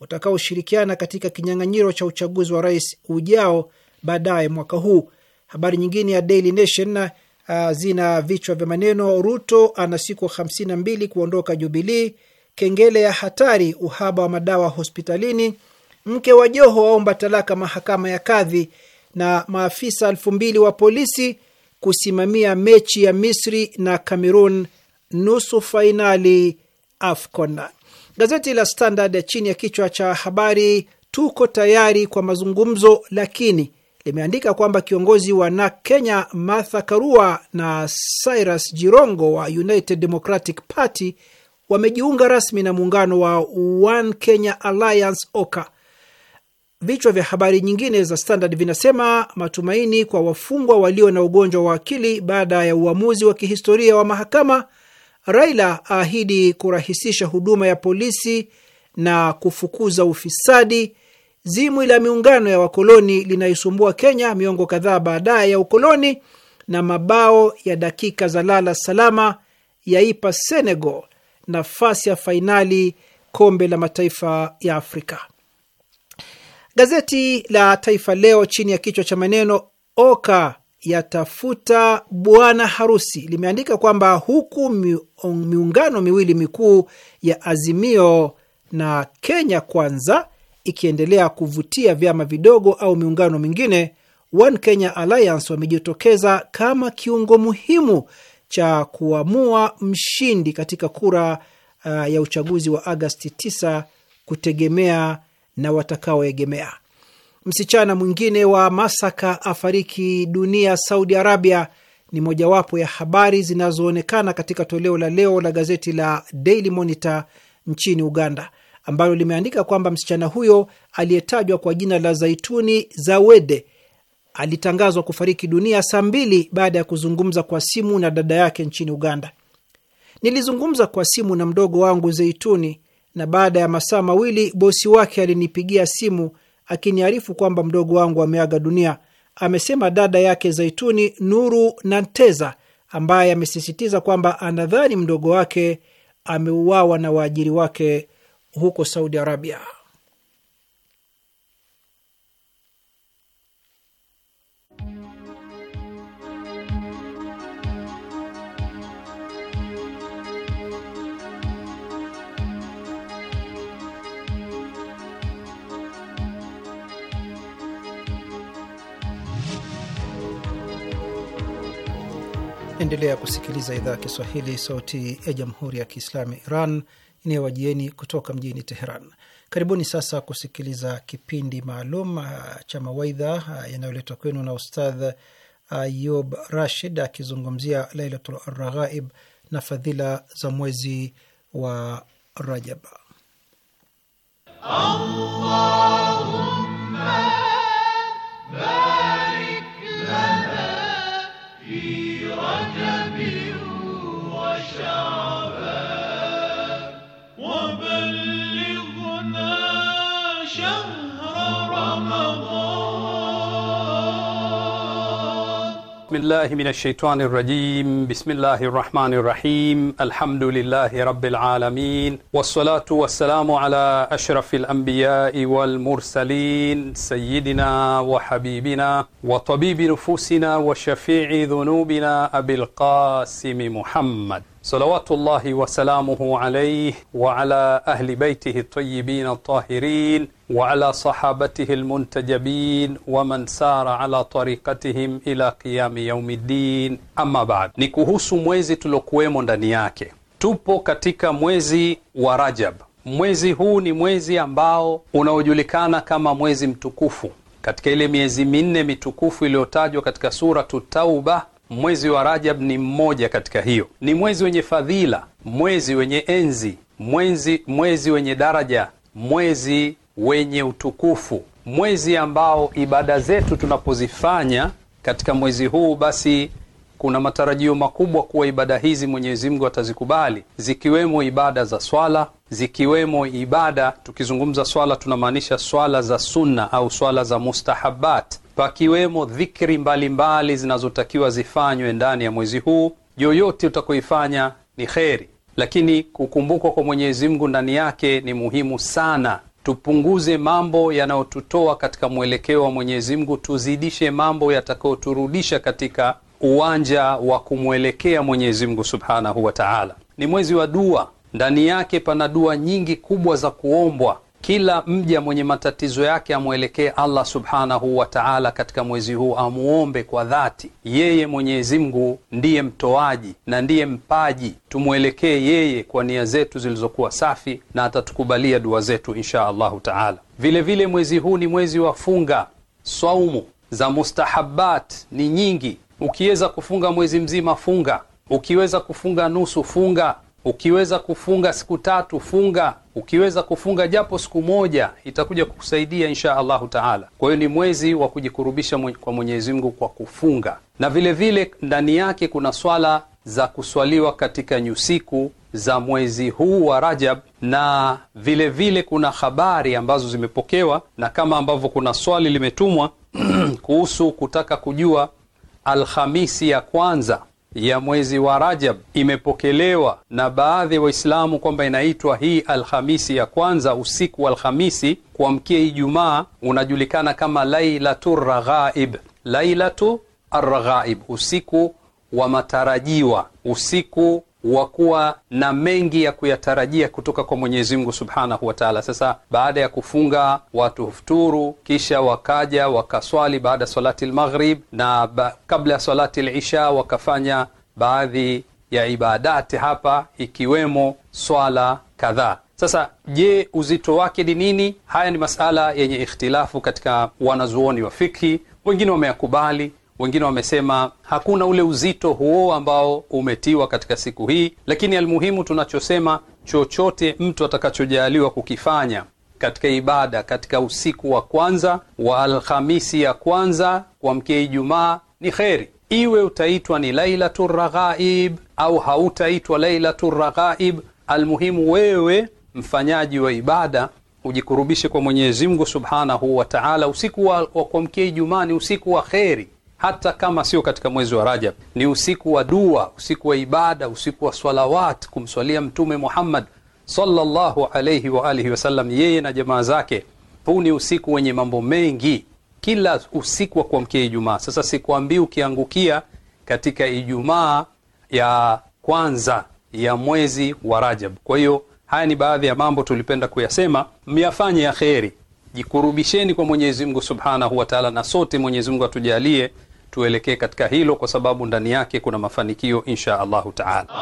utakaoshirikiana katika kinyang'anyiro cha uchaguzi wa rais ujao baadaye mwaka huu. Habari nyingine ya Daily Nation uh, zina vichwa vya maneno: Ruto ana siku 52 mbili kuondoka Jubilii, kengele ya hatari, uhaba wa madawa hospitalini, mke wa Joho waomba talaka mahakama ya kadhi, na maafisa elfu mbili wa polisi kusimamia mechi ya Misri na Cameroon nusu fainali AFCON. Gazeti la Standard chini ya kichwa cha habari tuko tayari kwa mazungumzo, lakini limeandika kwamba kiongozi wa NAK Kenya Martha Karua na Cyrus Jirongo wa United Democratic Party wamejiunga rasmi na muungano wa One Kenya Alliance OKA. Vichwa vya habari nyingine za Standard vinasema matumaini kwa wafungwa walio na ugonjwa wa akili baada ya uamuzi wa kihistoria wa mahakama, Raila aahidi kurahisisha huduma ya polisi na kufukuza ufisadi, Zimwi la miungano ya wakoloni linaisumbua Kenya miongo kadhaa baadaye ya ukoloni, na mabao ya dakika za lala salama yaipa Senegal nafasi ya fainali kombe la mataifa ya Afrika. Gazeti la Taifa Leo chini ya kichwa cha maneno Oka yatafuta bwana harusi limeandika kwamba huku miungano miwili mikuu ya Azimio na Kenya Kwanza ikiendelea kuvutia vyama vidogo au miungano mingine, One Kenya Alliance wamejitokeza kama kiungo muhimu cha kuamua mshindi katika kura uh, ya uchaguzi wa Agasti 9 kutegemea na watakaoegemea. Msichana mwingine wa Masaka afariki dunia Saudi Arabia ni mojawapo ya habari zinazoonekana katika toleo la leo la gazeti la Daily Monitor nchini Uganda ambalo limeandika kwamba msichana huyo aliyetajwa kwa jina la Zaituni Zawede alitangazwa kufariki dunia saa mbili baada ya kuzungumza kwa simu na dada yake nchini Uganda. Nilizungumza kwa simu na mdogo wangu Zeituni, na baada ya masaa mawili bosi wake alinipigia simu akiniarifu kwamba mdogo wangu ameaga dunia, amesema dada yake Zaituni, Nuru Nanteza, ambaye amesisitiza kwamba anadhani mdogo wake ameuawa na waajiri wake huko Saudi Arabia. Endelea kusikiliza idhaa ya Kiswahili, sauti ya jamhuri ya kiislamu Iran inayowajieni kutoka mjini Teheran. Karibuni sasa kusikiliza kipindi maalum uh, cha mawaidha uh, yanayoletwa kwenu na Ustadh uh, Ayub Rashid akizungumzia Lailatul Raghaib na fadhila za mwezi wa Rajab. Allahumma barik lana fi wa الله من الشيطان الرجيم بسم الله الرحمن الرحيم الحمد لله رب العالمين والصلاة والسلام على أشرف الأنبياء والمرسلين سيدنا وحبيبنا وطبيب نفوسنا وشفيع ذنوبنا أبي القاسم محمد salawatullahi wasalamuhu alayhi wa ahli baitihi tayyibin atahirin wa sahabatihi almuntajabin wa sara ala tariqatihim ila qiyami yaumiddin. Amma baad, ni kuhusu mwezi tuliokuwemo ndani yake. Tupo katika mwezi wa Rajab. Mwezi huu ni mwezi ambao unaojulikana kama mwezi mtukufu katika ile miezi minne mitukufu iliyotajwa katika Suratu Tauba Mwezi wa Rajab ni mmoja katika hiyo. Ni mwezi wenye fadhila, mwezi wenye enzi, mwezi, mwezi wenye daraja, mwezi wenye utukufu, mwezi ambao ibada zetu tunapozifanya katika mwezi huu, basi kuna matarajio makubwa kuwa ibada hizi Mwenyezi Mungu atazikubali, zikiwemo ibada za swala, zikiwemo ibada. Tukizungumza swala, tunamaanisha swala za sunna au swala za mustahabat pakiwemo dhikri mbalimbali zinazotakiwa zifanywe ndani ya mwezi huu. Yoyote utakoifanya ni kheri, lakini kukumbukwa kwa Mwenyezi Mungu ndani yake ni muhimu sana. Tupunguze mambo yanayotutoa katika mwelekeo wa Mwenyezi Mungu, tuzidishe mambo yatakayoturudisha katika uwanja wa kumwelekea Mwenyezi Mungu subhanahu wa taala. Ni mwezi wa dua, ndani yake pana dua nyingi kubwa za kuombwa kila mja mwenye matatizo yake amwelekee Allah subhanahu wa taala katika mwezi huu, amuombe kwa dhati. Yeye Mwenyezi Mungu ndiye mtoaji na ndiye mpaji. Tumwelekee yeye kwa nia zetu zilizokuwa safi, na atatukubalia dua zetu insha Allahu taala. Vilevile mwezi huu ni mwezi wa funga, swaumu za mustahabat ni nyingi. Ukiweza kufunga mwezi mzima, funga. Ukiweza kufunga nusu, funga Ukiweza kufunga siku tatu funga, ukiweza kufunga japo siku moja itakuja kukusaidia insha Allahu taala. Kwa hiyo ni mwezi wa kujikurubisha kwa Mwenyezi Mungu kwa kufunga, na ndani vile ndani yake kuna swala za kuswaliwa katika nyusiku za mwezi huu wa Rajab, na vilevile vile kuna habari ambazo zimepokewa na kama ambavyo kuna swali limetumwa kuhusu kutaka kujua Alhamisi ya kwanza ya mwezi wa Rajab imepokelewa na baadhi ya wa Waislamu kwamba inaitwa hii Alhamisi ya kwanza, usiku wa Alhamisi kuamkia Ijumaa unajulikana kama Lailatu Raghaib, Lailatu Arghaib, usiku wa matarajiwa, usiku wa kuwa na mengi ya kuyatarajia kutoka kwa Mwenyezi Mungu Subhanahu wa Ta'ala. Sasa baada ya kufunga watu hufuturu, kisha wakaja wakaswali baada ya salati al-maghrib na ba, kabla ya salati al-isha wakafanya baadhi ya ibadati hapa ikiwemo swala kadhaa. Sasa je, uzito wake ni nini? Haya ni masala yenye ikhtilafu katika wanazuoni wa fikhi, wengine wameyakubali wengine wamesema hakuna ule uzito huo ambao umetiwa katika siku hii, lakini almuhimu tunachosema, chochote mtu atakachojaaliwa kukifanya katika ibada katika usiku wa kwanza wa Alhamisi ya kwanza kuamkia Ijumaa ni kheri, iwe utaitwa ni Lailatu Raghaib au hautaitwa Lailatu Raghaib. Almuhimu wewe mfanyaji wa ibada ujikurubishe kwa Mwenyezi Mungu subhanahu wa taala. Usiku wa, wa kuamkia Ijumaa ni usiku wa kheri hata kama sio katika mwezi wa Rajab, ni usiku wa dua, usiku wa ibada, usiku wa salawat, kumswalia Mtume Muhammad sallallahu alayhi wa alihi wasallam, yeye na jamaa zake. Huu ni usiku wenye mambo mengi, kila usiku wa kuamkia Ijumaa. Sasa sikuambii ukiangukia katika Ijumaa ya kwanza ya mwezi wa Rajab. Kwa hiyo haya ni baadhi ya mambo tulipenda kuyasema, myafanye ya kheri, jikurubisheni kwa Mwenyezi Mungu subhanahu wa taala, na sote Mwenyezi Mungu atujalie tuelekee katika hilo, kwa sababu ndani yake kuna mafanikio insha Allahu taala.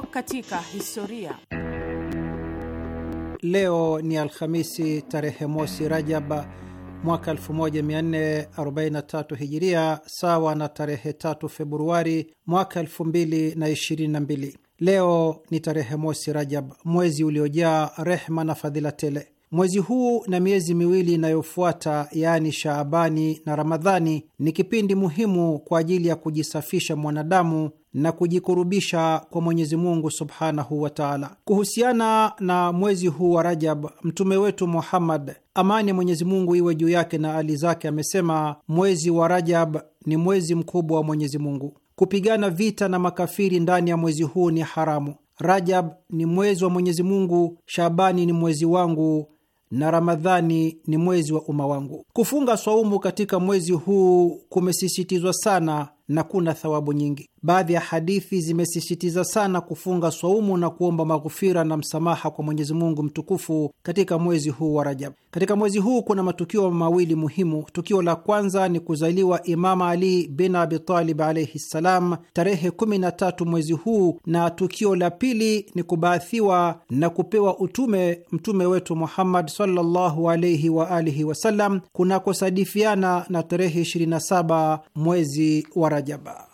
Leo katika historia. Leo ni Alhamisi tarehe mosi rajab mwaka 1443 Hijiria, sawa na tarehe 3 Februari mwaka 2022. Leo ni tarehe mosi Rajab, mwezi uliojaa rehma na fadhila tele. Mwezi huu na miezi miwili inayofuata, yaani Shaabani na Ramadhani, ni kipindi muhimu kwa ajili ya kujisafisha mwanadamu na kujikurubisha kwa Mwenyezi Mungu subhanahu wa taala. Kuhusiana na mwezi huu wa Rajab, mtume wetu Muhammad, amani ya Mwenyezi Mungu iwe juu yake na ali zake, amesema mwezi wa Rajab ni mwezi mkubwa wa Mwenyezi Mungu. Kupigana vita na makafiri ndani ya mwezi huu ni haramu. Rajab ni mwezi wa Mwenyezi Mungu, Shabani ni mwezi wangu na Ramadhani ni mwezi wa umma wangu. Kufunga swaumu katika mwezi huu kumesisitizwa sana na kuna thawabu nyingi. Baadhi ya hadithi zimesisitiza sana kufunga swaumu na kuomba maghufira na msamaha kwa Mwenyezi Mungu mtukufu katika mwezi huu wa Rajab. Katika mwezi huu kuna matukio mawili muhimu. Tukio la kwanza ni kuzaliwa imam Ali bin Abitalib alaihi ssalam tarehe 13 mwezi huu, na tukio la pili ni kubaathiwa na kupewa utume mtume wetu Muhammad sallallahu alaihi wasallam kunakosadifiana na tarehe 27 mwezi wa Rajaba.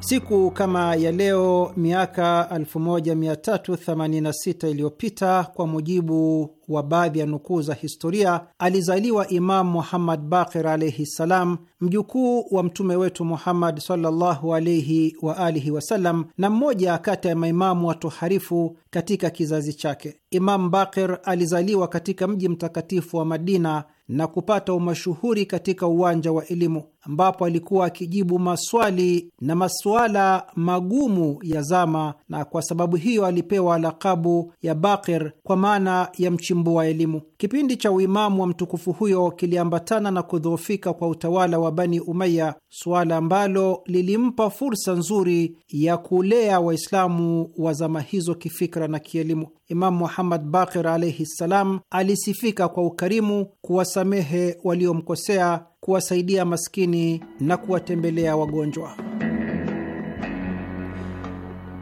Siku kama ya leo miaka 1386 iliyopita kwa mujibu wa baadhi ya nukuu za historia, alizaliwa Imamu Muhammad Bakir alaihi ssalam, mjukuu wa mtume wetu Muhammad sallallahu alaihi wa alihi wasallam, na mmoja kati ya maimamu watoharifu katika kizazi chake. Imamu Bakir alizaliwa katika mji mtakatifu wa Madina na kupata umashuhuri katika uwanja wa elimu ambapo alikuwa akijibu maswali na masuala magumu ya zama, na kwa sababu hiyo alipewa lakabu ya Bakir kwa maana ya mchimbua elimu. Kipindi cha uimamu wa mtukufu huyo kiliambatana na kudhoofika kwa utawala wa Bani Umaya, suala ambalo lilimpa fursa nzuri ya kulea Waislamu wa zama hizo kifikra na kielimu. Imamu Muhammad Bakir alaihi ssalam alisifika kwa ukarimu, kuwasamehe waliomkosea kuwasaidia maskini na kuwatembelea wagonjwa.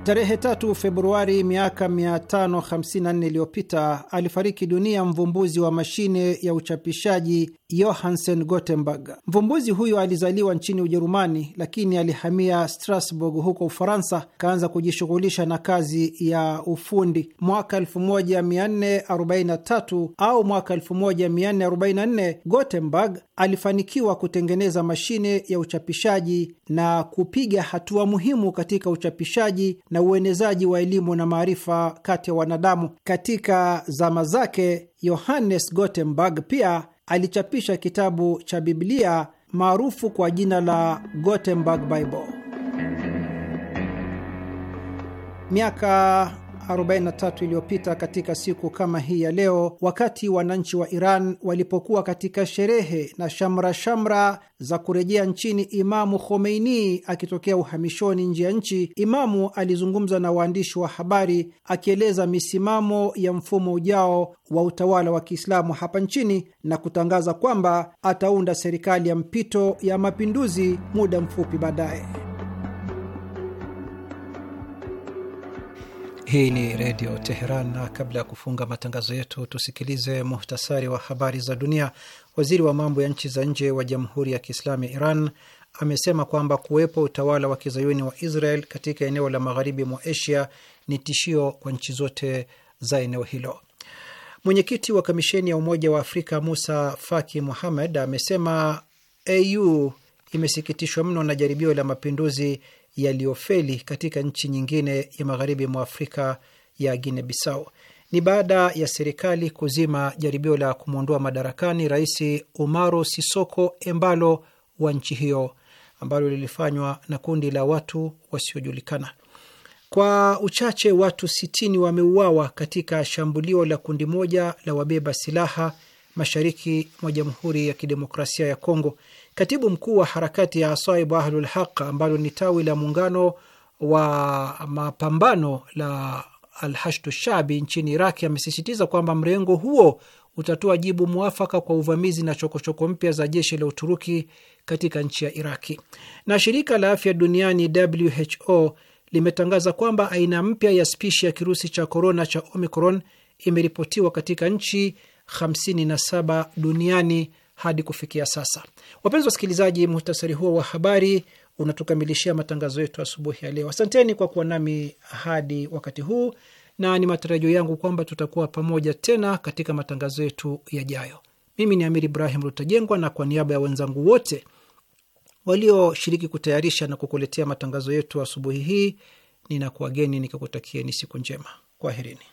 Tarehe tatu Februari miaka 554 iliyopita alifariki dunia mvumbuzi wa mashine ya uchapishaji Johansen Gutenberg. Mvumbuzi huyo alizaliwa nchini Ujerumani, lakini alihamia Strasbourg huko Ufaransa, akaanza kujishughulisha na kazi ya ufundi. Mwaka 1443 au mwaka 1444 Gutenberg alifanikiwa kutengeneza mashine ya uchapishaji na kupiga hatua muhimu katika uchapishaji na uenezaji wa elimu na maarifa kati ya wanadamu. Katika zama zake, Johannes Gutenberg pia alichapisha kitabu cha Biblia maarufu kwa jina la Gutenberg Bible. Miaka 43 iliyopita katika siku kama hii ya leo, wakati wananchi wa Iran walipokuwa katika sherehe na shamra shamra za kurejea nchini Imamu Khomeini akitokea uhamishoni nje ya nchi, Imamu alizungumza na waandishi wa habari akieleza misimamo ya mfumo ujao wa utawala wa Kiislamu hapa nchini na kutangaza kwamba ataunda serikali ya mpito ya mapinduzi muda mfupi baadaye. Hii ni Redio Teheran, na kabla ya kufunga matangazo yetu tusikilize muhtasari wa habari za dunia. Waziri wa mambo ya nchi za nje wa Jamhuri ya Kiislamu ya Iran amesema kwamba kuwepo utawala wa kizayuni wa Israel katika eneo la magharibi mwa Asia ni tishio kwa nchi zote za eneo hilo. Mwenyekiti wa kamisheni ya Umoja wa Afrika Musa Faki Muhammad amesema AU imesikitishwa mno na jaribio la mapinduzi yaliyofeli katika nchi nyingine ya magharibi mwa Afrika ya Guinea Bissau. Ni baada ya serikali kuzima jaribio la kumwondoa madarakani Rais Umaro Sisoko Embalo wa nchi hiyo ambalo lilifanywa na kundi la watu wasiojulikana. Kwa uchache watu sitini wameuawa katika shambulio la kundi moja la wabeba silaha mashariki mwa Jamhuri ya Kidemokrasia ya Kongo Katibu mkuu wa harakati ya Asaibu Ahlul Haq ambalo ni tawi la muungano wa mapambano la Alhashdu Shabi nchini Iraki amesisitiza kwamba mrengo huo utatoa jibu mwafaka kwa uvamizi na chokochoko mpya za jeshi la Uturuki katika nchi ya Iraki. Na shirika la afya duniani WHO limetangaza kwamba aina mpya ya spishi ya kirusi cha korona cha Omicron imeripotiwa katika nchi 57 duniani hadi kufikia sasa. Wapenzi wasikilizaji, muhtasari huo wa habari unatukamilishia matangazo yetu asubuhi ya leo. Asanteni kwa kuwa nami hadi wakati huu, na ni matarajio yangu kwamba tutakuwa pamoja tena katika matangazo yetu yajayo. Mimi ni Amiri Ibrahim Rutajengwa, na kwa niaba ya wenzangu wote walioshiriki kutayarisha na kukuletea matangazo yetu asubuhi hii, ninakuwageni nikikutakieni siku njema. Kwaherini.